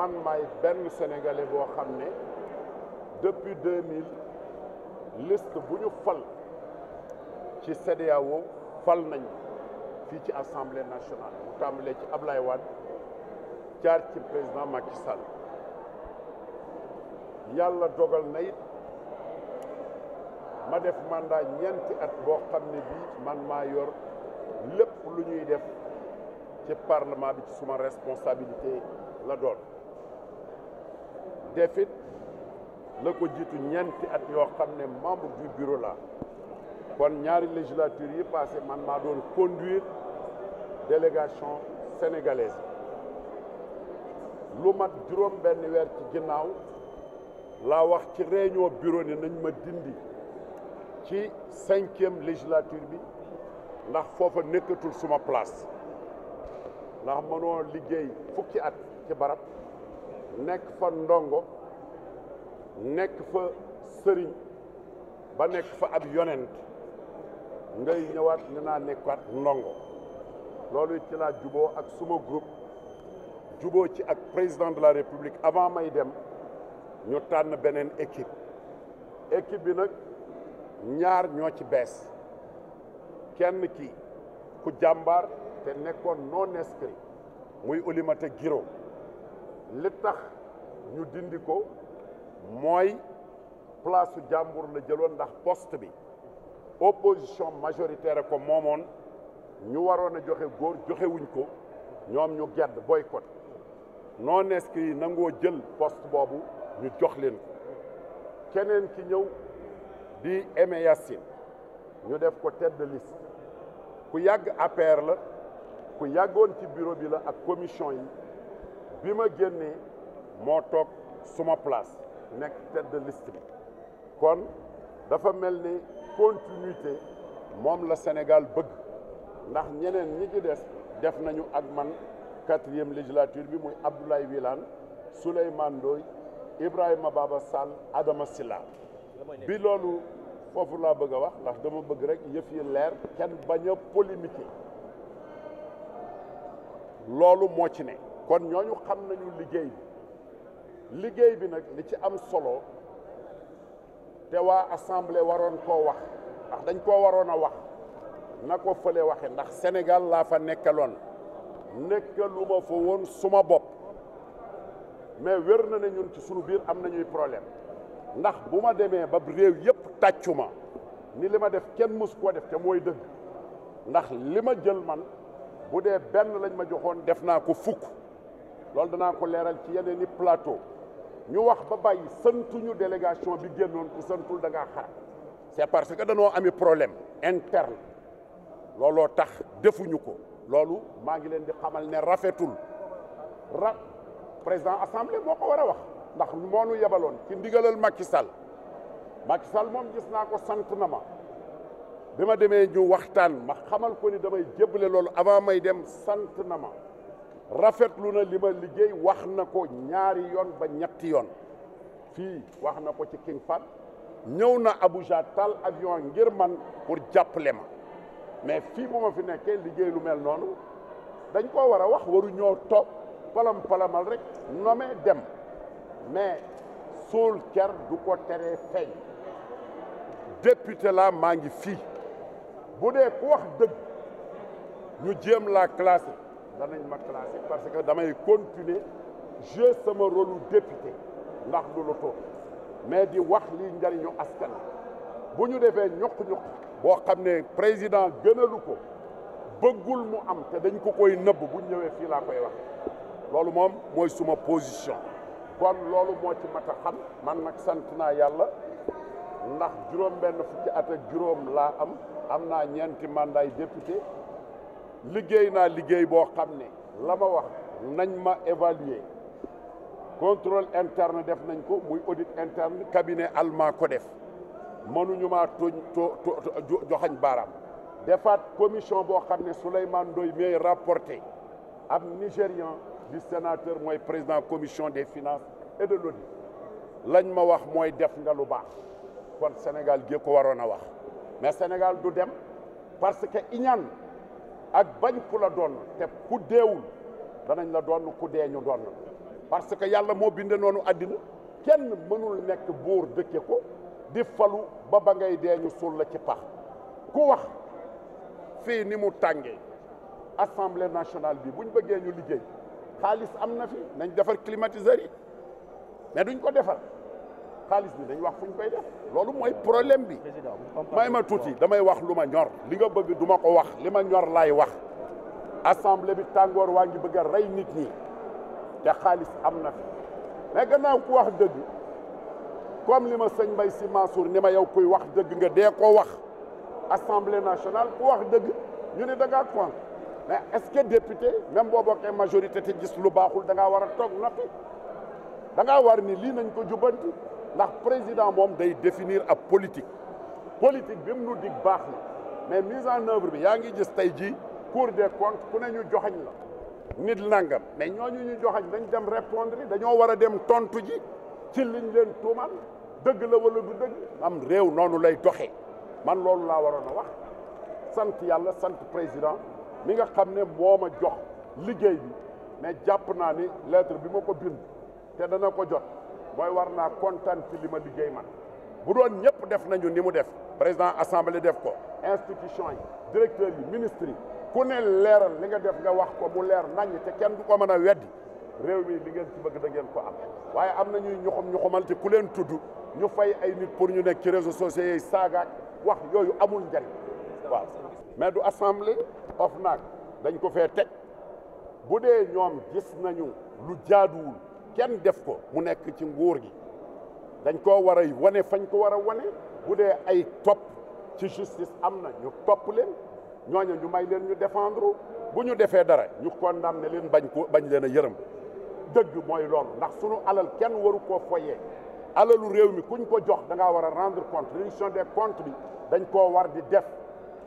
man maay benn sénégalais boo xam ne depuis 2000 liste bu ñu fal ci CEDEAO fal nañ fii ci assemblée nationale mu tàmbalee ci Ablaye Wade jaar ci président Macky yàlla dogal nay ma def mandat ñeenti at boo xam ne bii man maa yor lépp lu ñuy def ci parlement bi ci suma responsabilité la doon defit la ko jiitu ñeenti at yoo xam ne membre du bureau la kon ñaari législature yi passé man maa doon conduire délégation sénégalaise lu mat juróom benn weer ci ginnaaw laa wax ci réunion bureau ni nañ ma dindi ci cinquième législature bi ndax foofa nekkatul suma place ndax mënoo liggéey fukki at ci barab nekk fa ndongo nekk fa sëriñ ba nekk fa ab yonent ngay ñëwaat ne naa nekkaat ndongo loolu it ci juboo ak suma groupe juboo ci ak président de la république avant may dem ñu tànn beneen équipe équipe bi nag ñaar ñoo ci bees kenn ki ku jàmbaar te nekkoon non inscrit muy Oulimata Guiro li tax ñu dindi ko mooy place su jàmbur la jëloon ndax post bi opposition majoritaire ko moomoon ñu waroon a joxe góor joxewuñ ko ñoom ñu gedd boycott non inscrits yi nangoo jël post boobu ñu jox leen ko keneen ki ñëw di Aimé Yacine ñu def ko tête de liste ku yàgg APR la ku yàggoon ci bureau bi la ak commission yi bi ma génnee moo toog suma place nekk tête de bi kon dafa mel ni continuité moom la Sénégal bëgg ndax ñeneen ñi ci des def nañu ak man quatrième législature bi muy Abdoulaye Wilane Souleymane Ndoye Ibrahima Baba Sall Adama Sylla bi loolu foofu laa bëgg a wax ndax dama bëgg rek yëf yi leer kenn bañ a polémique loolu moo ci ne kon ñooñu xam nañu liggéey bi liggéey bi nag li ci am solo te waa assemblée waroon koo wax ndax dañ koo waroon a wax na ko fële waxe ndax Sénégal laa fa nekkaloon nekkaluma fa woon suma bopp mais wér na ne ñun ci sunu biir am nañuy problème ndax bu ma demee ba réew yëpp tàccuma ni li ma def kenn mus koo def te mooy dëgg ndax li ma jël man bu dee benn lañ ma joxoon def naa ko fukk loolu danaa ko leeral ci yeneen i plateau ñu wax ba bàyyi santuñu délégation bi génnoon ku santul da ngaa xar c'est parce que danoo amee problème interne looloo tax defuñu ko loolu maa ngi leen di xamal ne rafetul ra président assemblée moo ko war a wax ndax moo nu yebaloon ci ndigalal Macky Sall Macky Sall moom gis naa ko sant na ma bi ma demee ñu waxtaan ma xamal ko ni damay jébbale loolu avant may dem sant na ma rafetlu na li ma liggéey wax na ko ñaari yoon ba ñetti yoon fii wax na ko ci King Fahd ñëw na Abuja tal avion ngir man pour jàppale ma mais fii bu ma fi nekkee liggéey lu mel noonu dañ koo war a wax waru ñoo toog palam palamal rek nome dem mais suul ker du ko tere fey député la maa ngi fii bu dee ku wax dëgg ñu jéem la classe danañ ma classé parce que damay continuer jouer sama rôle député ndax du lu toog mais di wax lii njariñu askan bu ñu defee ñuq-ñuq boo xam ne président gënalu ko bëggul mu am te dañ ko koy nëbb bu ñëwee fii laa koy wax loolu moom mooy suma position kon loolu moo ci mat a xam man nag sant naa yàlla ndax juróom benn fukki at juróom laa am am naa ñeenti mandat député liggéey naa liggéey boo xam ne la ma wax nañ ma évaluer contrôle interne def nañ ko muy audit interne cabinet allemand ko def mënuñu maa tooñ to joxañ baaraam defaat commission boo xam ne Souleymane Ndoye miy rapporté ab nigérian di sénateur mooy président commission des finances et lañ ma wax mooy def nga lu baax kon Sénégal gi ko waroon a wax mais Sénégal du dem parce que iñaan ak bañ ku la doon te ku deewul danañ la doon ku deeñu ñu doon parce que yàlla moo binde noonu àddina kenn mënul nekk buur dëkke ko di falu ba ba ngay dee ñu la ci pax ku wax fii ni mu tàngee assemblée nationale bi buñ bëggee ñu liggéey xaalis am na fi nañ defar climatiseur yi mais duñ ko defar xaalis bi dañ wax fu ñu koy def loolu mooy problème bi may ma tuuti damay wax lu ma ñor li nga bëgg duma ko wax li ma ñor laay wax assemblée bi tàngoor waa ngi bëgg a rey nit ñi te xaalis am na fi mais gannaaw ku wax dëgg comme li ma sëñ bay Sy Mansour ni ma yow koy wax dëgg nga dee ko wax assemblée nationale ku wax dëgg ñu ne da ngaa mais est-ce que député même boo bokkee majorité te gis lu baaxul danga war a toog na da ngaa war ni lii nañ ko jubbanti ndax président moom day définir ab politique politique bim mu nu dig baax na mais mise en œuvre bi yaa ngi gis tey jii cour des comptes ku ne ñu joxañ la nit nangam mais ñooñu ñu joxañ dañ dem répondre yi dañoo war a dem tontu ji ci liñ leen tuumal dëgg la wala du dëgg am réew noonu lay doxee man loolu laa waroon a wax sant yàlla sant président mi nga xam ne moo a jox liggéey bi mais jàpp naa ni lettre bi ma ko bind te dana ko jot mooy war naa kontaan ci li ma liggéey man bu doon ñëpp def nañu ni mu def président assemblée def ko institution yi directeur yi ministre yi ku ne leeral li nga def nga wax ko mu leer naññ te kenn du ko mën a weddi réew mi li ngeen ci bëgg da ngeen ko am waaye am na ñuy ñuxum ñuxumal te ku leen tudd ñu fay ay nit pour ñu nekk ci réseaux sociaux yi saagaak wax yooyu amul njariñ waaw mais du assemblée of naag dañ ko fee teg bu dee ñoom gis nañu lu jaaduwul kenn def ko mu nekk ci nguur gi dañ koo war a wane fañ ko war a wane bu dee ay topp ci justice am na ñu topp leen ñooñu ñu may leen ñu défendre bu ñu defee dara ñu condamné leen bañ ko bañ leen a yërëm dëgg mooy loolu ndax sunu alal kenn waru koo foyee alalu réew mi kuñ ko jox da ngaa war a rendre compte réduction des comptes bi dañ koo war di def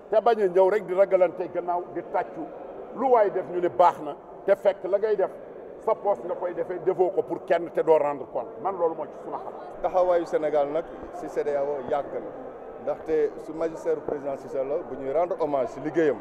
te bañ a ñëw rek di ragalante gannaaw di tàccu lu waay def ñu ne baax na te fekk la ngay def sa poste nga koy defee defoo ko pour kenn te doo rendre compte man loolu moo ci suma xam. taxawaayu Sénégal nag si CEDEAO yàgg na ndaxte su magistère président Cissé Lô bu ñuy rendre hommage si liggéeyam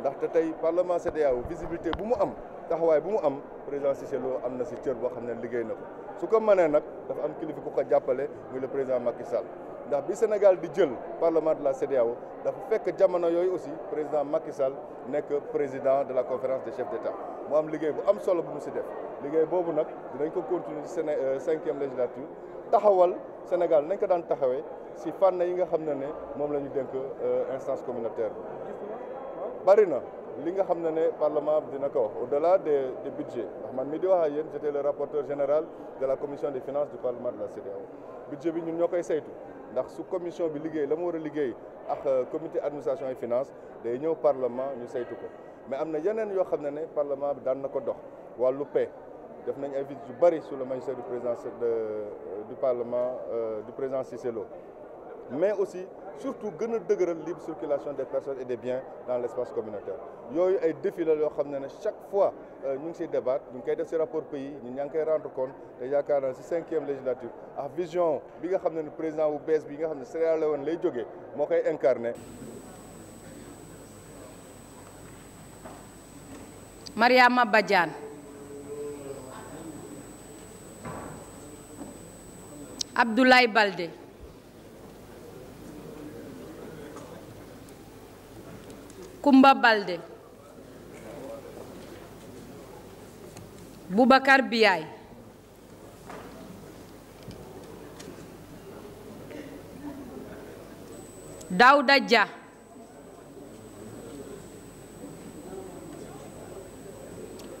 ndaxte tey parlement CEDEAO visibilité bu mu am taxawaay bu mu am président Cissé Lô am na si cër boo xam ne liggéey na ko su ko mënee nag dafa am kilifa ku ko jàppale muy le président Macky Sall. ndax bi Sénégal di jël parlement de la CEDEAO dafa fekk jamono yooyu aussi président Macky Sall nekk président de la conférence des chefs d' état am liggéey bu am solo bu mu si def liggéey boobu nag dinañ ko continuer ci Séné euh, cinquième législature taxawal Sénégal nañ ko daan taxawee si fànn yi nga xam ne ne moom la ñu dénk euh, instance communautaire bari na li nga xam ne ne parlement dina ko wax au delà des des budgets man mi di wax ak yéen j'étais le rapporteur général de la commission des finances du parlement de bi ñun ñoo koy saytu ndax su commission bi liggéey la mu war a liggéey ak euh, comité administration et finance day ñëw parlement ñu saytu ko mais am na yeneen yoo xam ne ne parlement bi daan na ko dox wàllu paix def nañ ay visites yu bëri sous le magistère du président euh, du parlement euh, du président Cissé mais aussi surtout gën a dëgëral libre circulation des personnes et des biens dans l' espace communautaire yooyu ay défi la yoo xam ne ne chaque fois euh, ñu ngi siy débat ñu ngi koy def si rapport pays ñu ñaa ngi koy rendre compte te yaakaar naa si cinquième législature ah vision bi nga xam ne ne président bu bees bi nga xam ne Sierra Leone lay jógee moo koy incarné. Mariama Badiane Abdoulaye Balde. Kumba Balde Boubacar Biaye dawda Dia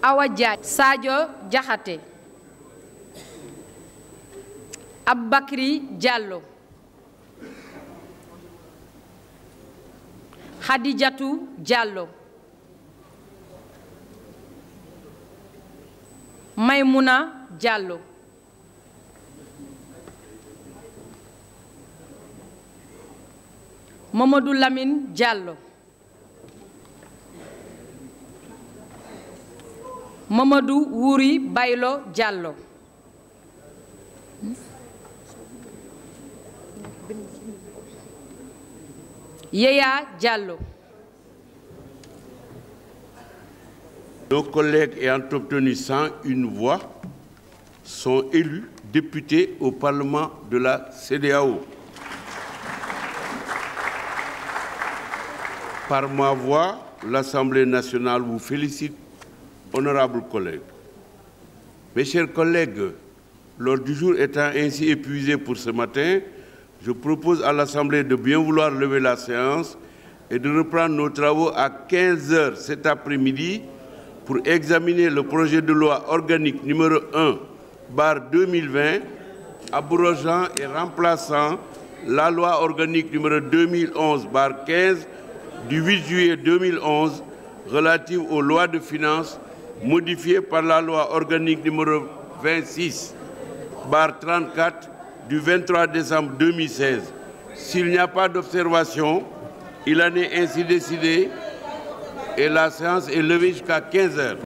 Awa Dia Sadio ab Aboubacry Diallo Khadijatou Diallo Maymouna Diallo Mamadou Lamine Diallo Mamadou Wuri Baylo Diallo Yaya Diallo. Nos collègues ayant obtenu 101 voix sont élus députés au Parlement de la CEDEAO. Par ma voix, l'Assemblée nationale vous félicite, honorables collègues. Mes chers collègues, l'ordre du jour étant ainsi épuisé pour ce matin, je propose à l'Assemblée de bien vouloir lever la séance et de reprendre nos travaux à 15 heures cet après pour examiner le projet de loi organique numéro 1 barre 2020 abrogeant et remplaçant la loi organique numéro 2011 barre 15 du 8 juillet 2011 relative aux lois de finances modifiées par la loi organique numéro 26 barre du 23 décembre 2016. S'il n'y a pas d'observation, il en est ainsi décidé et la séance est levée jusqu'à 15